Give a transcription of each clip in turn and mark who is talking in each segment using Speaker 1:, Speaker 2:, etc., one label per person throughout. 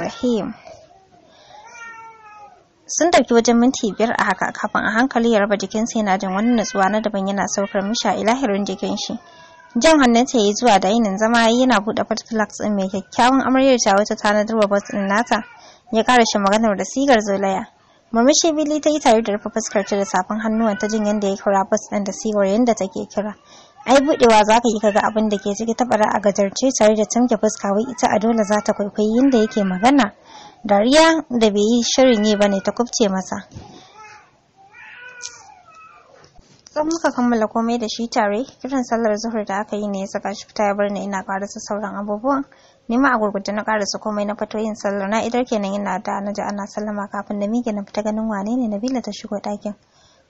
Speaker 1: rahim sun dauki wajen minti biyar a haka kafin a hankali ya raba jikinsa yana jin wani natsuwa na daban yana saukar mishi a ilahirin jikin shi jan hannunta ya yi zuwa dainin zama yana buɗe fat flags ɗin mai kyakkyawan amaryar ta wata tanadar wa bas ɗin nata ya ƙara shi maganar da sigar zolaya murmushi bili ta yi tare da rufe fuskar da safin hannuwan ta jin yadda ya kira bas ɗin da sigar yadda take kira ai budewa za ka yi kaga abin da ke ciki tabara a gajarce tare da tamke fuska wai ita a dole za ta kwaikwayi yadda yake magana dariya da bai yi shirin yi bane ta kubce masa sun muka kammala komai da shi tare, kiran sallar zuhur da aka yi ne ya saka shi fita ya bar ni ina karasa sauran abubuwan. Ni a gurgurta na karasa komai na fito yin sallar na idar kenan ina da na ji ana sallama kafin na mige na fita ganin wane ne Nabila ta shigo ɗakin.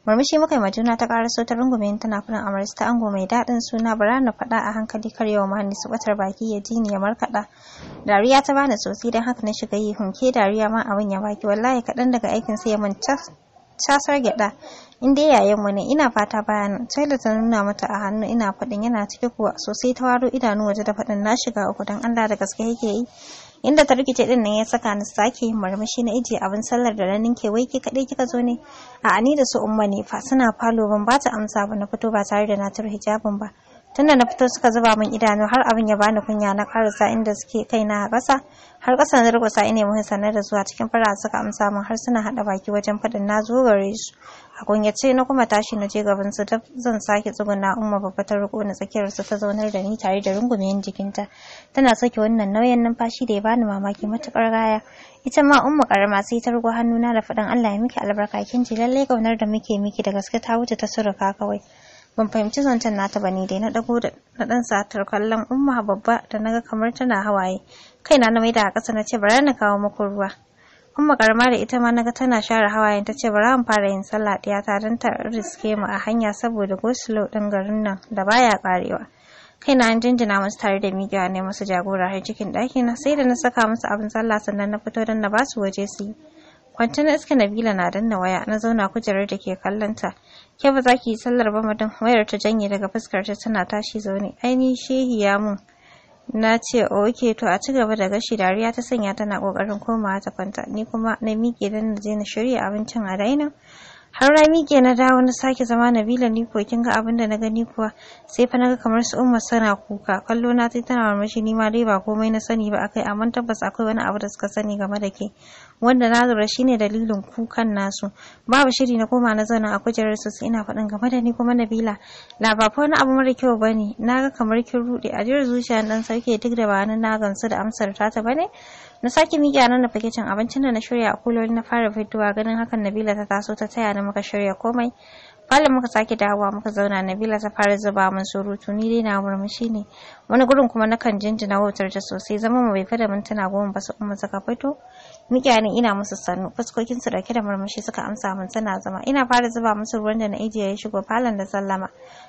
Speaker 1: murmushi muka ma juna ta ƙara sautar rungume tana furin amaris ta ango mai daɗin suna bara na faɗa a hankali kar yau ma su batar baki ya ji ni ya markaɗa dariya ta bani sosai don haka na shiga yi hunke dariya ma abin ya baki wallahi kaɗan daga aikin sai ya man casar gyaɗa in dai yayan wani ina fata bayan taila ta nuna mata a hannu ina faɗin yana cike kuwa sosai ta waro idanu waje da faɗin na shiga uku don allah da gaske yake yi inda ta rikice din nan ya saka ni sake yin marmashi na ije abin sallar da ranin ke wai ke kadai kika zo ne a ani da su umma ne fa suna falo ban ba ta amsa ba na fito ba tare da na tur hijabin ba tunda na fito suka zuba min idanu har abin ya bani kunya na karasa inda suke kai na kasa har kasa na durƙusa ina mun sanar da zuwa cikin fara suka amsa min har suna haɗa baki wajen faɗin na zo gare su a kunyace na kuma tashi na je gaban su zan sake tsuguna umma babba ta riko na tsakiyar su ta zaunar da ni tare da rungumen jikinta tana sake wannan nauyin numfashi da ya bani mamaki matukar gaya ita ma umma karama sai ta hannu hannuna da faɗin Allah ya miki albarka kin ji lallai kaunar da muke miki da gaske ta wuce ta suruka kawai ban fahimci zancen nata ba ne dai na dago da na dan satar kallon umma babba da naga kamar tana hawaye Kai na mai a kasa na ce bara na kawo muku ruwa umma karama da ita ma naga tana share hawayen ta ce bara mu fara yin sallah ɗaya ta don ta riske mu a hanya saboda gosulo ɗin garin nan da baya karewa kaina an jinjina musu tare da miƙewa ne musu jagora har cikin ɗaki na sai da na saka musu abin sallah sannan na fito dan na basu waje su yi kwanci na iska nabila na danna waya na zauna kujerar da ke kallon ta ke ba za ki yi sallar ba madan wayar ta janye daga fuskar ta tana tashi zaune aini shehi ya mun na ce oke to a ci gaba da gashi dariya ta sanya tana kokarin komawa ta kwanta ni kuma na miƙe dan na je na shirya abincin a dainin har na miƙe na dawo na sake zama na nabila ni ko kin ga abin da na gani kuwa sai fa naga kamar su umma sana kuka kallo na sai tana murmushi ni ma dai ba komai na sani ba akai amma tabbas akwai wani abu da suka sani game da ke wanda na lura shine dalilin kukan nasu babu shiri na koma na zauna a kujerar su sai ina faɗin game da ni kuma nabila la ba fa wani abu mara kyau bane naga kamar kin rude a jira zuciya dan sarki duk da ba na gamsu da amsar ta ta bane na sake miƙa nan da can, abincin da na shirya a kuloli na fara fitowa ganin hakan Nabila ta taso ta taya na muka shirya komai falon muka sake dawowa muka zauna Nabila ta fara zuba mun surutu ni dai na murmushi ne. Wani gurin kuma na kan jinjina wautar ta sosai zama mu bai fada mintuna goma ba su umma suka fito. Mikiya ne ina musu sannu fuskokin su dauke da murmushi suka amsa mun tana zama ina fara zuba musu ruwan da na ijiye ya shigo falon da sallama.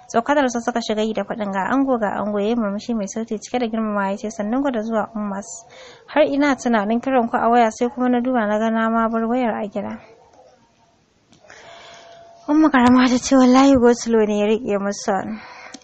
Speaker 1: Tsokanar su suka shiga yi da faɗin ga ango ga ango yi murmushi mai sauti cike da girmamawa ya ce sannan gwada zuwa ummas. Har ina tunanin kiran ku a waya sai kuma na duba na ga na ma bar wayar a gida. umma karama ta ce wallahi gosulo ne ya rike musu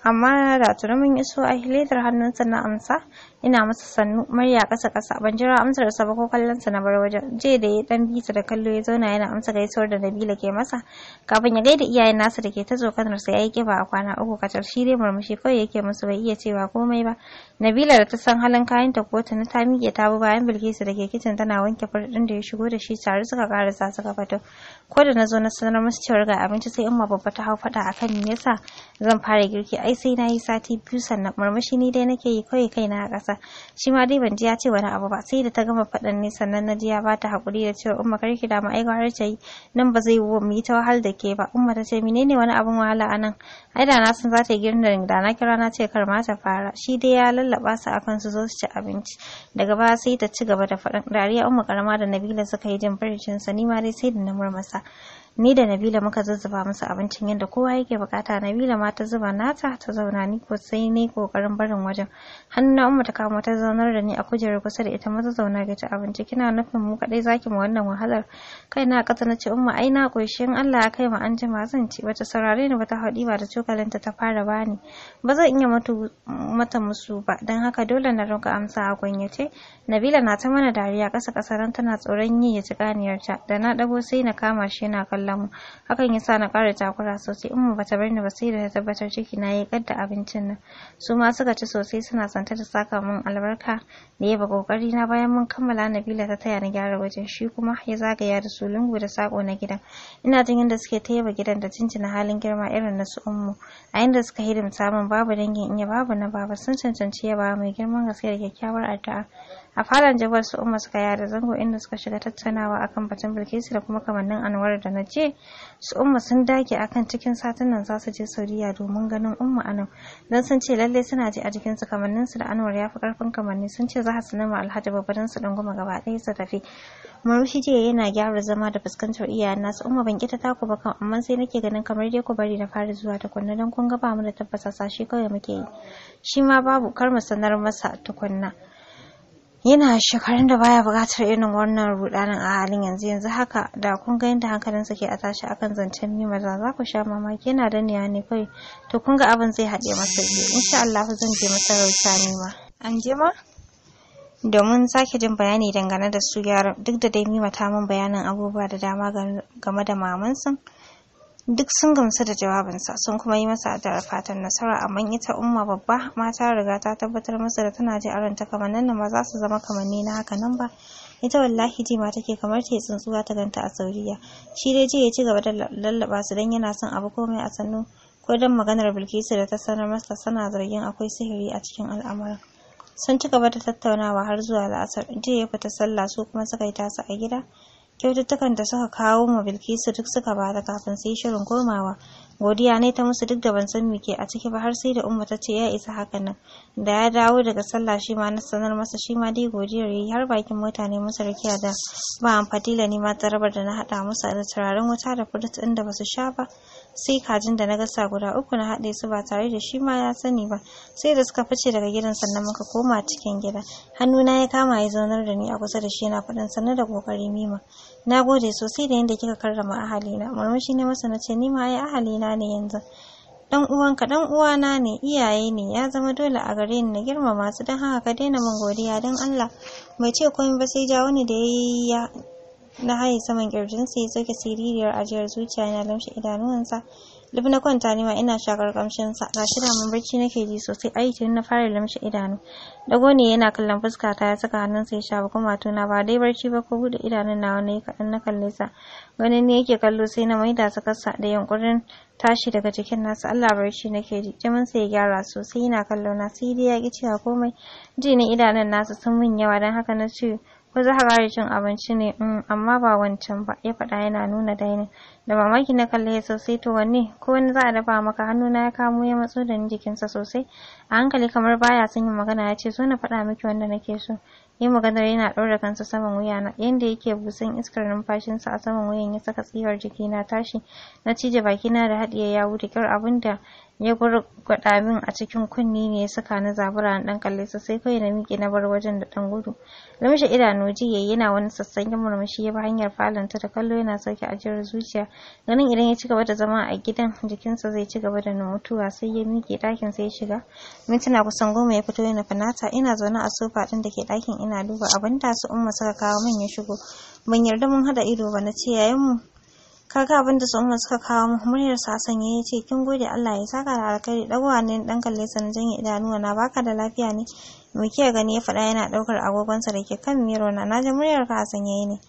Speaker 1: amma da tuni mun iso a hannun hannunsa na amsa ina masa sannu murya kasa kasa ban jira amsar sa ba ko kallon sa na bar wajen je da ya dan bisa da kallo ya zauna yana amsa gaisuwar da Nabila ke masa kafin ya gaida iyayen nasa da ke ta tsokanar sa yayi kiba a kwana uku kacar shi dai murmushi kawai yake musu bai iya cewa komai ba Nabila da ta san halin kayan ta ko ta na ta miƙe ta bi bayan Bilkisu da ke kicin tana wanke furdin da ya shigo da shi tare suka karasa suka fito ko da na zo na sanar musu cewar ga abinci sai umma babba ta hau faɗa akan me yasa zan fara girki ai sai na yi sati biyu sannan murmushi ni dai nake yi kawai kai na kasa shi ma dai ban ji ya ce wani abu ba sai da ta gama faɗan ne sannan na ji ya ba ta haƙuri da cewa umma kar ki mu ai gwara har yi nan ba zai mu yi ta wahal da ke ba umma ta ce menene wani abin wahala a nan ai da na san za ta yi da da na kira na ce kar ma ta fara shi dai ya lallaba su akan su zo su ci abinci daga baya sai ta ci gaba da faɗan dariya umma karama da nabila suka yi jin farcin sa ni ma dai sai da na murmasa casa. ni da Nabila muka zazzaba musu abincin yadda kowa yake bukata Nabila ma ta zuba nata ta zauna ni ko sai ni kokarin barin wajen na umma ta kama ta zaunar da ni a kujerar kusa da ita mata zauna ta abinci kina nufin mu kadai zaki mu wannan wahalar kai na kasa na ce umma ai na koshi in Allah ya kai mu an jima zan ci wata saurare ni ta haɗi ba da cokalinta ta fara bani ba zan iya mutu mata musu ba don haka dole na rinka amsa a gwanyace Nabila na ta mana dariya kasa kasa tana tsoron yi ya ci ganiyarta da na dago sai na kama shi na kallon kallon mu hakan yasa na ƙara takura sosai in bata bar ni ba sai da ta tabbatar ciki na yi kadda abincin nan su ma suka ci sosai suna santa da saka min albarka da yaba kokari na bayan mun kammala Nabila ta taya na gyara wajen shi kuma ya zagaya da su lungu da sako na gidan ina jin yadda suke ta yaba gidan da cincina halin girma irin na su ummu a inda suka hidimta min babu dangin iya babu na baba sun cancanci yaba mai girman gaske da kyakkyawar addu'a a falon jawar su umma suka yada zango inda suka shiga tattaunawa akan batun bilkisu da kuma kamannin anwar da na ce su umma sun dage akan cikin satin nan za su je saudiya domin ganin umma anan don sun ce lallai suna ji a jikinsu kamannin su da anwar ya fi karfin kamanni sun ce za su nama alhaji babban su dunguma gaba ɗaya su tafi marushi jiya yana gyara zama da fuskantar iyayen nasu umma ban kita taku ba kan amma sai nake ganin kamar dai ku bari na fara zuwa tukunna don kun ga ba mu da tabbasa sashi kawai muke yi shi ma babu kar mu sanar masa tukunna yana shekarun da baya buƙatar irin wannan rudanin a halin yanzu yanzu haka da kun ga yadda hankalinsa ke a tashi akan zancen mima maza za ku sha mamaki yana da niyya ne kai to kun ga abin zai haɗe masa biyu insha Allah zan je masarauta nima an je ma domin sake jin bayani dangane da su yaran duk da dai mima ta min bayanin abubuwa da dama game da mamansu duk sun gamsu da jawabinsa sun kuma yi masa addu'ar fatan nasara amma ita umma babba mata riga ta tabbatar masa da tana ji aranta kamar nan ma za su zama kamanni na haka nan ba ita wallahi ji ma take kamar ta tsuntsuwa ta ganta a sauriya shi dai ji ya ci gaba da lallaba su dan yana son abu komai a sannu ko dan maganar bilkisu da ta sanar masa sana zargin akwai sihiri a cikin al'amuran sun ci gaba da tattaunawa har zuwa la'asar jiya ya fita sallah su kuma suka yi tasa a gida kyaututtukan da suka kawo ma Bilkisu duk suka bada kafin su yi shirin komawa godiya ne ta musu duk da ban san me ke a ciki ba har sai da umma ta ce ya isa hakanan. nan da ya dawo daga sallah shi ma na sanar masa shi ma dai godiyar yayi har bakin mutane musu rakiya da ba an fadila ne ma tarabar da na hada musu da turaren wuta da furut din da basu sha ba sai kajin da na gasa guda uku na haɗe su ba tare da shi ma ya sani ba sai da suka fice daga gidan sannan muka koma cikin gida hannuna ya kama ya zaunar da ni a kusa da shi yana faɗin sanar da kokari mima na gode sosai da yadda kika karrama ahalina murmushi ne masa na ce ni ma ai ahalina ne yanzu dan uwanka dan uwana ne iyaye ne ya zama dole a gare ni na girmama masu dan haka ka daina min godiya dan Allah bai ce komai ba sai ja wani da ya na haye saman kirjin sai ya sake siririyar ajiyar zuciya na lamshe idanuwansa Lif na kwanta ma ina shakar kamshinsa, ga shi da mun barci nake ji sosai ai tun na fara lamshe idanu. Dago ne yana kallon fuska ta ya saka hannun hannunsa ya shafa na ba dai barci ba ko bude idanun nawa ne kadan na kalle sa. Ganin ne yake kallo sai na maida sakarsa da yunkurin tashi daga jikin nasa Allah barci nake ji jimin sai ya gyara sosai yana kallo na sai dai ya ki cewa komai. Ji ne idanun nasa sun mun yawa dan haka na ce Muzahara cin abinci ne, mm, amma ba wancan ba, ya faɗa yana nuna dainin. Da mamaki na kalle ya sosai to wanne, ko wani za a dafa maka hannuna ya kamo ya matso da ni jikinsa sosai. A hankali kamar baya son yin magana ya ce so na faɗa miki wanda nake so. Yi maganar yana ɗaura kansa saman wuyana, yanda yake busan iskar numfashinsa a saman wuyan ya saka jiki na tashi. Na cije bakina da haɗiye ya wuce kyar abin da ya gwargwada min a cikin kunni ne ya saka na zabura na dan kalle sa sai kai na miƙe na bar wajen da dan gudu lamshe idanu ji yayi yana wani sassanyen murmushi ya bi hanyar falon ta da kallo yana sauke ajiyar zuciya ganin idan ya ci gaba da zama a gidan jikinsa zai ci gaba da mutuwa sai ya miƙe ɗakin sai ya shiga mintuna kusan goma ya fito yana fanata ina zaune a sofa din da ke ɗakin ina duba abin da su umma suka kawo min ya shigo ban yarda mun hada ido ba na ce yayin mu kaga abin da su suka kawo mu muryar sa sanye ya ce kin gode Allah ya saka da alkhairi dagowa ne dan kalle sanin na janye idanuwa na baka da lafiya ne me kiya gani ya faɗa yana ɗaukar agogonsa da ke kan miro na naji muryar ka sanye ne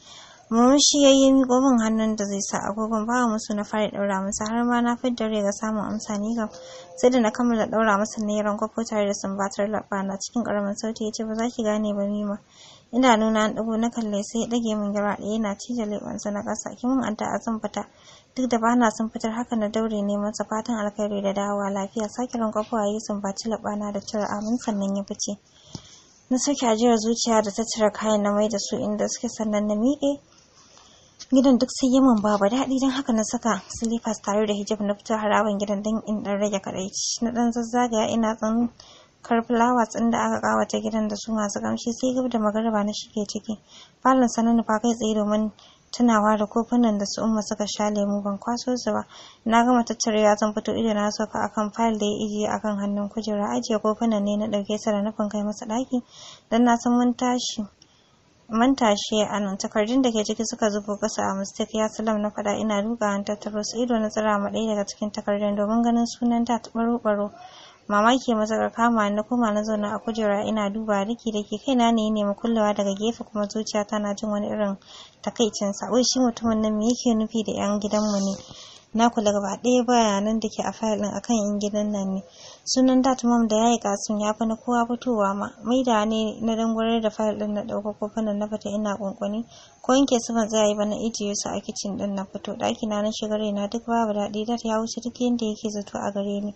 Speaker 1: mun ya yi gobin hannun da zai sa agogon ba musu na fara ɗaura masa har ma na fi dare ga samun amsa ni sai da na kammala ɗaura masa na ran kwakwata tare da sumbatar laɓa na cikin ƙaramin sauti ya ce ba za ki gane ba mima ina nuna an ɗago na kalle sai ya ɗage min gaba ɗaya yana cije leɓensa na ƙasa mun anta a zan fita duk da bana son fitar haka na daure neman sa fatan alkhairi da dawowa lafiya sake ran ya yi sumbaci laɓana da cire amin sannan ya fice na sake ajiyar zuciya da ta cire kayan na mai da su inda suke sannan na miƙe gidan duk sai min babu daɗi don haka na saka silifas tare da hijab na fito haraban gidan don in ɗan rage kadaici na ɗan zazzagaya ina tsan kar fulawa da aka kawata gidan da su masu kamshi sai gab da magariba na shige ciki falon sanin nufa kai tsaye domin tunawa da kofunan da su umma suka sha lemu ban kwaso su ba na gama tattarewa zan fito ido na sauka akan fayil da ya ijiye akan hannun kujera ajiye kofunan ne na dauke sa da nufin kai masa daki dan na san mun tashi mun tashi a nan takardun da ke ciki suka zubo kasa a mistake ya salam na faɗa ina duka an tattaro su ido na tsira ma ɗaya daga cikin takardun domin ganin sunan ta baro ɓaro mamaki ga kama na kuma na zauna a kujera ina duba riki da ke kaina ne ya nemi kullawa daga gefe kuma zuciya tana jin wani irin takaicinsa wai shi mutumin nan me yake nufi da yan gidanmu ne na kula gaba ɗaya bayanan da ke a fayil ɗin akan yan gidan nan ne sunan dat da da yayi kasun ya fi na kowa fitowa ma maida ne na dangwarar da fayil ɗin na ɗauka fanan na fita ina kunkuni ko yanke su ban tsaya ba na ijiye su a kicin ɗin na fito ɗakina na shiga na duk babu daɗi dat ya wuce duk yadda yake zato a gare ni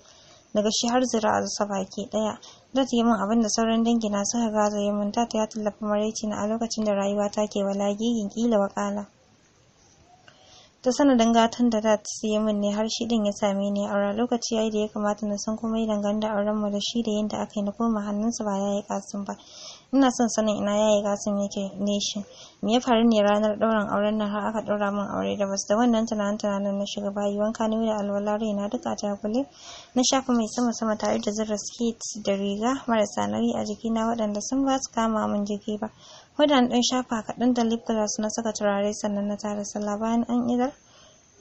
Speaker 1: daga shi har zira a zasa baki ɗaya. ta yi min abin da sauran dangina suka gaza yi mun ta ya tallafa maraici na a lokacin da rayuwa ta ke walagigin kila wakala. Ta sanadin gatan da dat ta siya min ne har shi din ya same ni aura lokaci yayi da ya kamata na san kuma yi dangane da auren mu da shi da yadda aka yi na koma hannunsa ba ya yi kasin ba. ina son sanin ina yayi gasin yake ne shi me ya faru ne ranar ɗaurin auren nan har aka ɗaura min aure da basu da wannan tunanin tunanin na shiga bayi wanka ni da alwala raina duka ta kule na shafa mai sama sama tare da zura skit da riga marasa nauyi a jikina waɗanda sun ba su kama min jiki ba waɗanda ɗan shafa kaɗan da lip gloss na saka turare sannan na tara sallah bayan an idar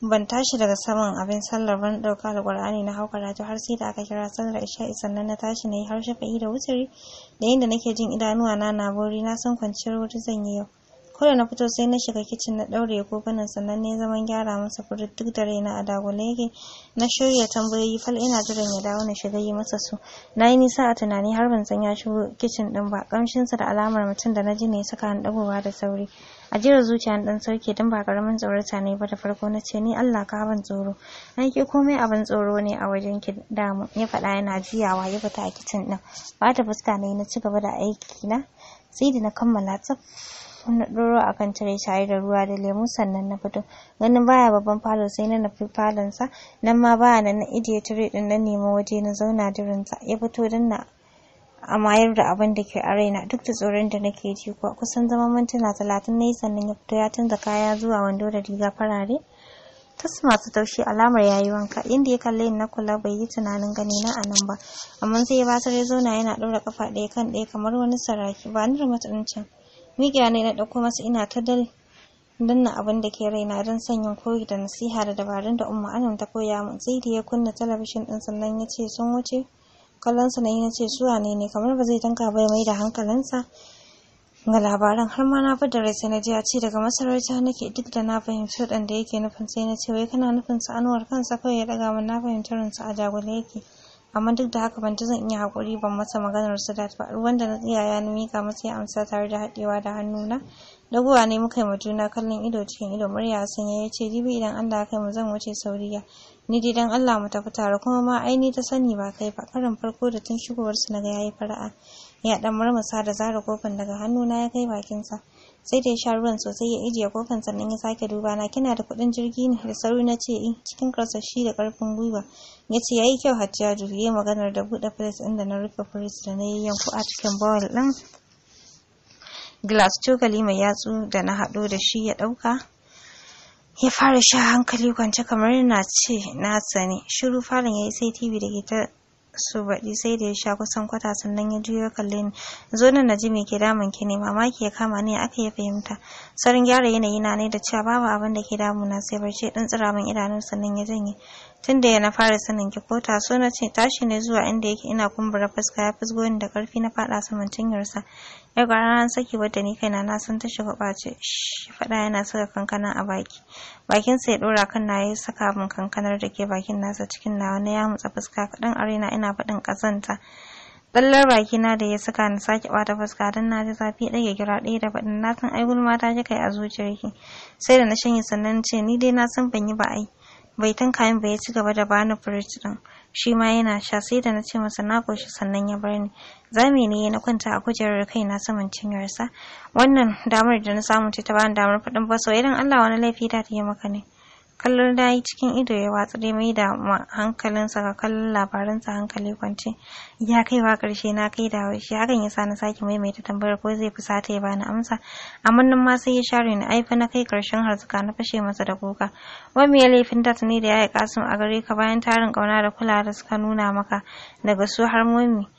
Speaker 1: ban tashi daga saman abin sallar ban ɗauka alƙur'ani na hau karatu har sai da aka kira sallar isha'i sannan na tashi na yi har shafa'i da wuturi da yadda nake jin idanuwa na na bori na san kwanciyar wuri zan yi yau ko da na fito sai na shiga kicin na ɗaure koganin sannan ne zaman gyara masa furit duk da raina a dagula yake na shirya tambayoyi fal ina jiran ya dawo na shiga yi masa su na yi nisa a tunani har ban san ya shigo kicin ɗin ba ƙamshinsa da alamar mutum da na ji ne suka ɗagowa da sauri ajiyar zuciya na dan sarki dan ba karamin tsorata ne ba da farko na ce ni Allah ka ban tsoro an ki komai abin tsoro ne a wajen ki damu ya faɗa yana jiyawa.' ya fita a din ba ta fuska ne na cigaba da aiki na sai da na kammala tsaf na ɗoro a kan tire tare da ruwa da lemu sannan na fito ganin baya babban falon sai na nufi falonsa nan ma baya nan na idiye tire din na nema waje na zauna dirinsa ya fito dan na a mayar da abin da ke a raina duk da tsoron da nake ji kuwa kusan zama mintuna talatin na yi sannan ya fito ya canza kaya zuwa wando da riga farare tas masu taushi alamar yayi wanka inda ya kalle ni na kula bai yi tunanin gani na a nan ba amma sai ya basar ya zauna yana ɗaura kafa ɗaya kan ɗaya kamar wani saraki ba ni da matsancin ne na ɗauko masa ina ta dal danna abin da ke raina don sanyin koyi da nasiha da dabarun da umma anan ta koya min sai da ya kunna talabishin ɗin sannan ya ce sun wuce kallonsa na yi na ce su ne kamar ba zai tanka bai mai da hankalinsa ga labaran har ma na fada rai sai na ji a ce daga masarauta nake duk da na fahimci da yake nufin sai na ce wai kana nufin sa anuwar kansa kawai ya daga min na fahimci ransa a jagole yake amma duk da haka ban ji zan iya haƙuri ban masa maganar da ba ruwan da na ya na mika masa ya amsa tare da haɗewa da hannuna dagowa ne muka yi ma juna kallon ido cikin ido murya a sanya ya ce jibi idan Allah ya kai mu zan wuce sauriya ni dai dan Allah mu tafi tare kuma ma ai ta sani ba kai ba karin farko da tun shigowar su naga yayi fara'a ya dan murmusa da zara kofin daga hannu na ya kai bakinsa sai da ya sha ruwan sosai ya ijiye kofin sannan ya sake duba na kina da kuɗin jirgi ne da sauri na ce in eh, cikin karsashi da karfin gwiwa ya ce yayi kyau hajjiya yi maganar da buɗe firis din da na rufe firis da na yi yanku a cikin bowl din glass cokali mai yatsu da na hado da shi ya ɗauka ya fara sha hankali kwance kamar yana ce na tsane shiru farin ya yi sai tv da ke ta su baɗi sai da ya sha kusan kwata sannan ya juyo kalle ni zo nan na ji me ke damun ki ne mamaki ya kama ni aka ya fahimta sarin gyara yanayi na ne da cewa babu abin da ke damu na sai barci ɗan tsira min idanun sannan ya janye tun da na fara sanin ki ko taso na ce tashi ne zuwa inda yake ina kumbura fuska ya fusgo ni da ƙarfi na faɗa saman cinyarsa yau gwara an saki wadda ni kai na san ta shiga ɓace shi faɗa yana saka kankana a baki bakin sa ya ɗora kan na ya saka min kankanar da ke bakin nasa cikin nawa na ya mutsa fuska kaɗan arena ina faɗin ƙazanta tsallar baki na da ya saka na sake ɓata fuska don na ji zafi ɗaya gira ɗaya da faɗin na san ai gulma ta ji kai a zuciyarki sai da na shanye sannan ce ni dai na san ban yi ba ai bai tanka min ba ya ci gaba da bani firij din shi ma yana sha sai da na ce masa na koshi sannan ya bar ni zami ne na kwanta a kujerar kai na saman cinyarsa wannan damar da na samu ce ta bani damar faɗin ba idan Allah wani laifi da ta yi maka ne kallon dayi cikin ido ya watsa ya mai da hankalinsa ga kallon labaransa hankali kwance ya kaiwa karshe na kai da shi hakan ya sa na sake maimaita tambayar ko zai fusata ya bani amsa amma nan ma sai ya share ni aifa na kai karshen harzuka na fashe masa da kuka wani ya laifin da ne da ya yi kasim a gare ka bayan tarin kauna da kula da suka nuna maka daga su har mummi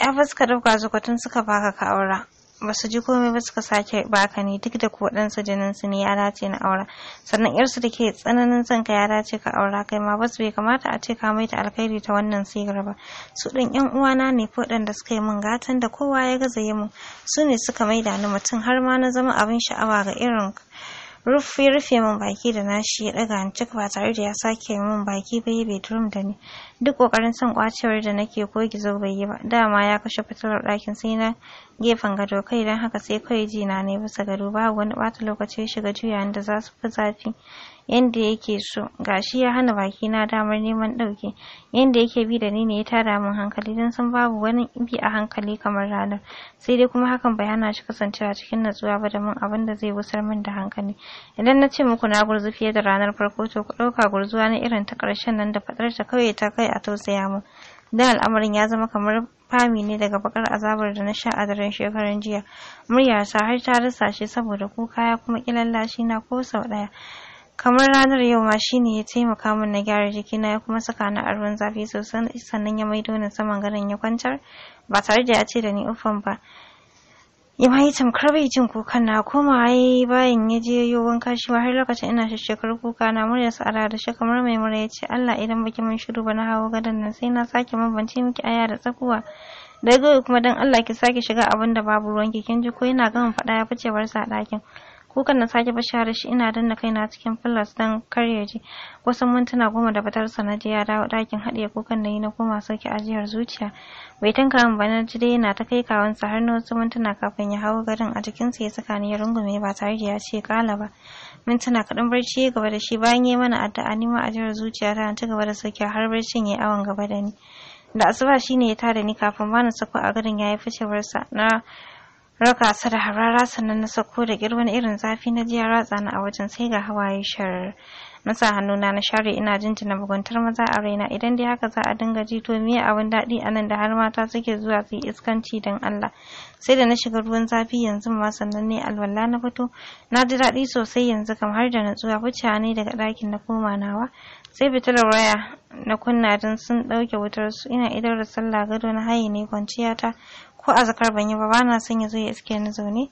Speaker 1: ya fuska dauka zukatun suka baka ka aura ba su ji komai ba suka sake baka ne duk da ko ɗansa jinin su ne ya dace na aura sannan yarsu da ke tsananin son ka ya ce ka aura kai ma ba su bai kamata a ce ka maita alkhairi ta wannan sigar ba su ɗin yan uwana ne ko da suka yi min gatan da kowa ya gaza yi mun su ne suka maida ni mutum har ma na zama abin sha'awa ga irin rufe rufe min baki da nashi ya daga ni cik ba tare da ya sake min baki ba ya bedroom da ni duk kokarin son kwacewar da nake ko gizo bai yi ba dama ya kashe fitilar ɗakin sai na gefen gado kai don haka sai kawai ji na ne bisa gado babu wani ɓata lokaci shiga juya da za su fi zafi yanda yake so gashi ya hana baki na damar neman ɗauke yanda yake bi da ni ne ya tara min hankali don san babu wani bi a hankali kamar ranar sai dai kuma hakan bai hana shi kasancewa cikin natsuwa ba da mun abin da zai wusar min da hankali idan na ce muku na gurzu fiye da ranar farko to ku ɗauka gurzuwa na irin ta karshen nan da faɗar ta kawai ta kai a tausaya min dan al'amarin ya zama kamar fami ne daga bakar azabar da na sha a daren shekaran jiya muryarsa har ta rasa shi saboda kuka ya kuma ƙilallashi na ko sau ɗaya kamar ranar yau ma shine ya taimaka min na gyara jikina ya kuma saka ni a ruwan zafi sosai sannan ya maido ni saman garin ya kwantar ba tare da ya ce da ni ufan ba ya ma yi tamkar bai jin kukan na koma ai bayan ya je yo wanka shi ma har lokacin ina shekar kuka na murya sa'ara da shi kamar mai mura ya ce Allah idan baki mun shiru ba na hawo gadon nan sai na sake bambance miki aya da tsakuwa daga kuma dan Allah ki sake shiga abin da babu ruwan ki kin ji ko yana gama faɗa ya fice warsa a ɗakin kukan na sake bashara shi ina danna kaina cikin filas don kar ya ji wasu mintuna goma da batar sanadi ya dawo dakin haɗiye kukan na yi na koma sauke ajiyar zuciya bai tanka min ba na ji dai yana ta kai kawansa har na wasu mintuna kafin ya hau garin a jikinsa ya saka ni ya rungume ba tare da ya ce kala ba mintuna kaɗan barci ya gaba da shi bayan ya mana addu'a ni ma ajiyar zuciya ta ci gaba da sauki har barcin ya yi awon gaba da ni da asuba shine ya tada ni kafin ba na sako a garin ya yi ficewarsa na raka su da harara sannan na sako da girman irin zafi na jiya ratsa na a wajen sai ga hawaye sharar na sa hannuna na share ina jinjina buguntar maza a raina idan dai haka za a dinga ji to miye abin daɗi a nan da har mata suke zuwa su yi iskanci don Allah sai da na shiga ruwan zafi yanzu ma sannan ne alwala na fito na ji daɗi sosai yanzu kam har da natsuwa wucewa ne daga ɗakin na koma nawa sai fitilar waya na kunna don sun ɗauke wutar su ina idar da sallah gado na haye ne kwanciya ta ko azkar ban yi ba bana son ya zo ya iske ni zaune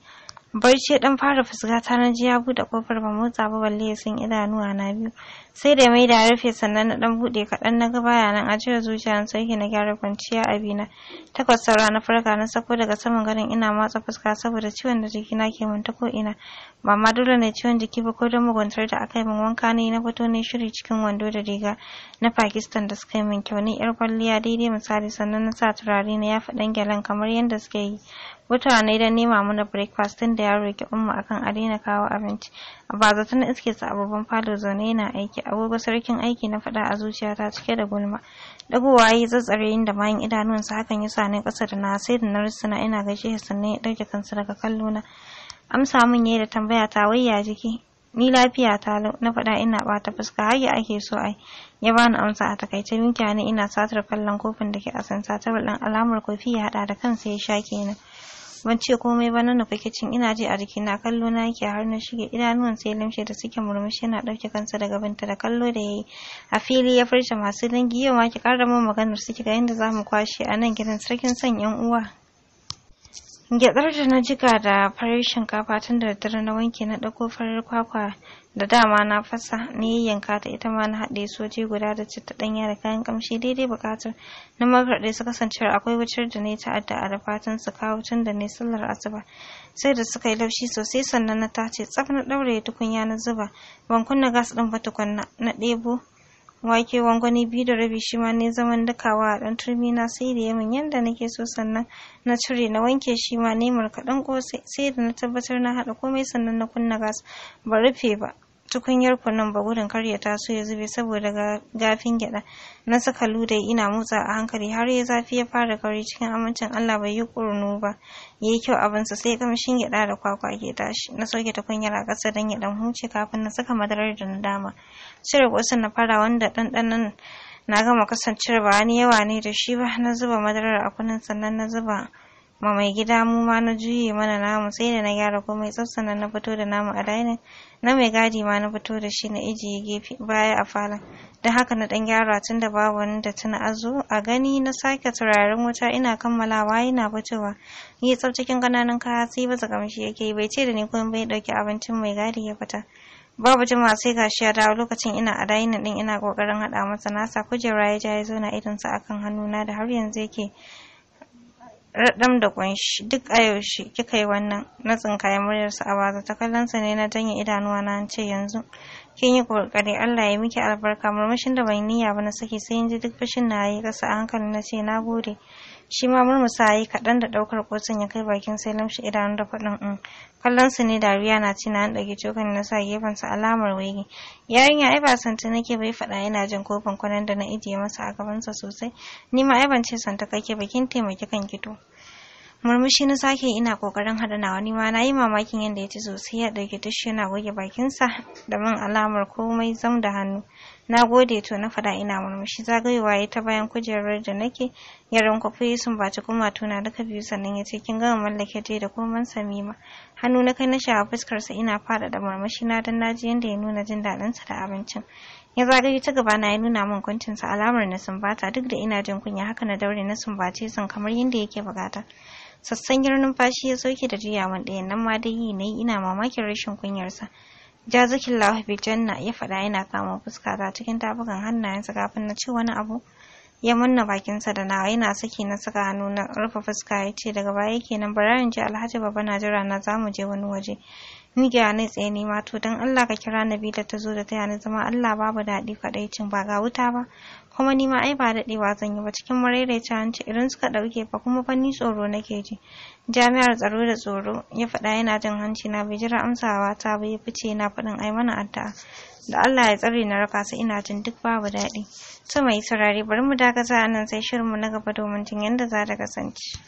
Speaker 1: barci dan fara fuska ta na ji ya bude kofar ba motsa ba balle ya san idanuwa na biyu sai da mai da rufe sannan na dan bude kaɗan na ga baya nan a cire zuciya na sauki na gyara kwanciya a bina takwas saura na farka na sako daga saman garin ina matsa fuska saboda ciwon da jiki na ke mun ta ko ina ba ma dole ne ciwon jiki ba ko don muguntar da akai yi min wanka ne na fito ne shiri cikin wando da riga na pakistan da suka yi min kyau ne yar kwalliya daidai misali sannan na sa turare na ya faɗan gyalan kamar yadda suka yi mutane don nema mana breakfast tun da ya roki umma akan a daina kawo abinci ba zato na iske su a falo zaune yana aiki agogo sarkin aiki na faɗa a zuciyata cike da gulma dagowa ya yi tsatsare yin da bayan idanunsa hakan ya sa ni kasa da na sai da na risina ina gaishe sannan ya ɗauke kansa daga kallona amsa min yayi da tambaya ta wai ya jiki ni lafiya ta lau na faɗa ina bata fuska har ya ake so ai ya bani amsa a takaice minkiya ne ina satar kallon kofin da ke a sansa ta ɗan alamar kofi ya haɗa da kansa ya sha kenan ban ce komai ba na nufa kicin ina ji a jiki na kallo na yake har na shige idanuwan sai limshe da suke murmushi yana ɗauke kansa daga binta da kallo da yayi a fili ya furta masu dangi yau ma ki ƙara mun maganar suke ga yadda zamu kwashe a nan gidan sarkin son yan uwa gyaɗar da na jika da farar shinkafa tun da daddare na wanke na ɗauko farin kwakwa da dama na fasa na yanka ta ita ma na haɗe soji guda da citta ɗanya da kayan ƙamshi daidai buƙatar na makarɗe su kasance akwai wucar da ne ta'adda a da fatan su kawo tun da ne sallar asuba sai da suka yi laushi sosai sannan na tace tsaf na ɗaure tukunya na zuba ban kunna gas ɗin ba tukunna na ɗebo wake gwangwani biyu da rabi shi ma ne zaman dakawa a ɗan turmi na sai da yamin yadda nake so sannan na cire na wanke shi ma ne markaɗen ƙosai sai da na tabbatar na haɗa komai sannan na kunna gas ba rufe ba tukunyar kunun ba gudun kar ya taso ya zube saboda gafin gyada na saka luda ina motsa a hankali har ya zafi ya fara kauri cikin amincin Allah bai yi kurnu ba yayi kyau abin sa sai kamshin gyada da kwakwa ke tashi na soke tukunyar a kasa dan ya dan huce kafin na saka madarar da na dama cire kusan na fara wanda dandanan na gama kasancewa ba yawa ne da shi ba na zuba madarar a kunan sannan na zuba ma mai gida mu ma na juye mana namu sai da na gyara komai tsaf na fito da namu a dainin na mai gadi ma na fito da shi na ijiye gefe baya a falon don haka na dan gyara tun da babu wani da tuna azu a gani na sake turaren wuta ina kammalawa yana fitowa yi tsaf cikin kananan kaya sai baza kamshi yake bai ce da ni kuma bai dauki abincin mai gadi ya fita babu jima sai gashi ya dawo lokacin ina a dainin din ina kokarin hada masa nasa kujera ya ja ya zo na sa akan hannuna da har yanzu yake raɗam da kunshi duk a yaushe kika yi wannan na tsinkaya muryarsa a baza ta kallonsa ne na janye idanuwa na ce yanzu kin yi kokari Allah ya miki albarka murmushin da bai niyya ba na saki sai in ji duk fushin na yi kasa a hankali na ce na gode shi ma murmusa yi kaɗan da ɗaukar kotun ya kai bakin sai lamshi idanun da faɗin in mm, kallon su ne dariya na ci na an ɗage cokan na sa gefen sa alamar waige yarinya ya ba santa nake bai faɗa yana jin kofin kwanan da na ijiye masa a gabansa sosai ni ma ai ban ce santa kake bakin taimaki kan kito murmushi na sake ina kokarin hada nawa ni ma yi mamakin yadda ya ci sosai ya dauke tushe yana goge bakinsa da man alamar komai zam da hannu na gode to na fada ina murmushi zagayewa ya ta bayan kujerar da nake ya rankwafi sun baci kuma tuna duka biyu sannan ya ce kin gama mallake je da koman samima hannu na kai na shawa fuskarsa ina fada da murmushi na dan naji yadda ya nuna jin sa da abincin ya zagaye ta gaba na ya nuna min kuncinsa alamar na sumbata duk da ina jin kunya haka na daure na sumbace sun kamar yadda yake bukata sassanyar numfashi ya sauke da jiya juyawan ɗaya nan ma dai yi na yi ina mamakin rashin kunyarsa jazikin lahabi janna ya faɗa yana kama fuska ta cikin tafukan hannayensa kafin na ce wani abu ya manna bakinsa da nawa yana saki na saka hannu na rufe fuska ya ce daga baya kenan bara in ji alhaji baba na jira na zamu je wani waje ni ga ni tsaye ne ma to dan Allah ka kira Nabila ta zo da taya ni zama Allah babu daɗi kaɗaicin ba ga wuta ba kuma ni ma ai ba daɗewa zan yi ba cikin maraidaita hanci idan suka ɗauke fa kuma fa ni tsoro nake ji jami'ar tsaro da tsoro ya faɗa yana jin hanci na bai jira amsawa ta ba ya fice na faɗin ai mana addu'a da Allah ya tsare na raka su ina jin duk babu daɗi to mai saurare bari mu a nan sai shirinmu na gaba domin jin yadda za ta kasance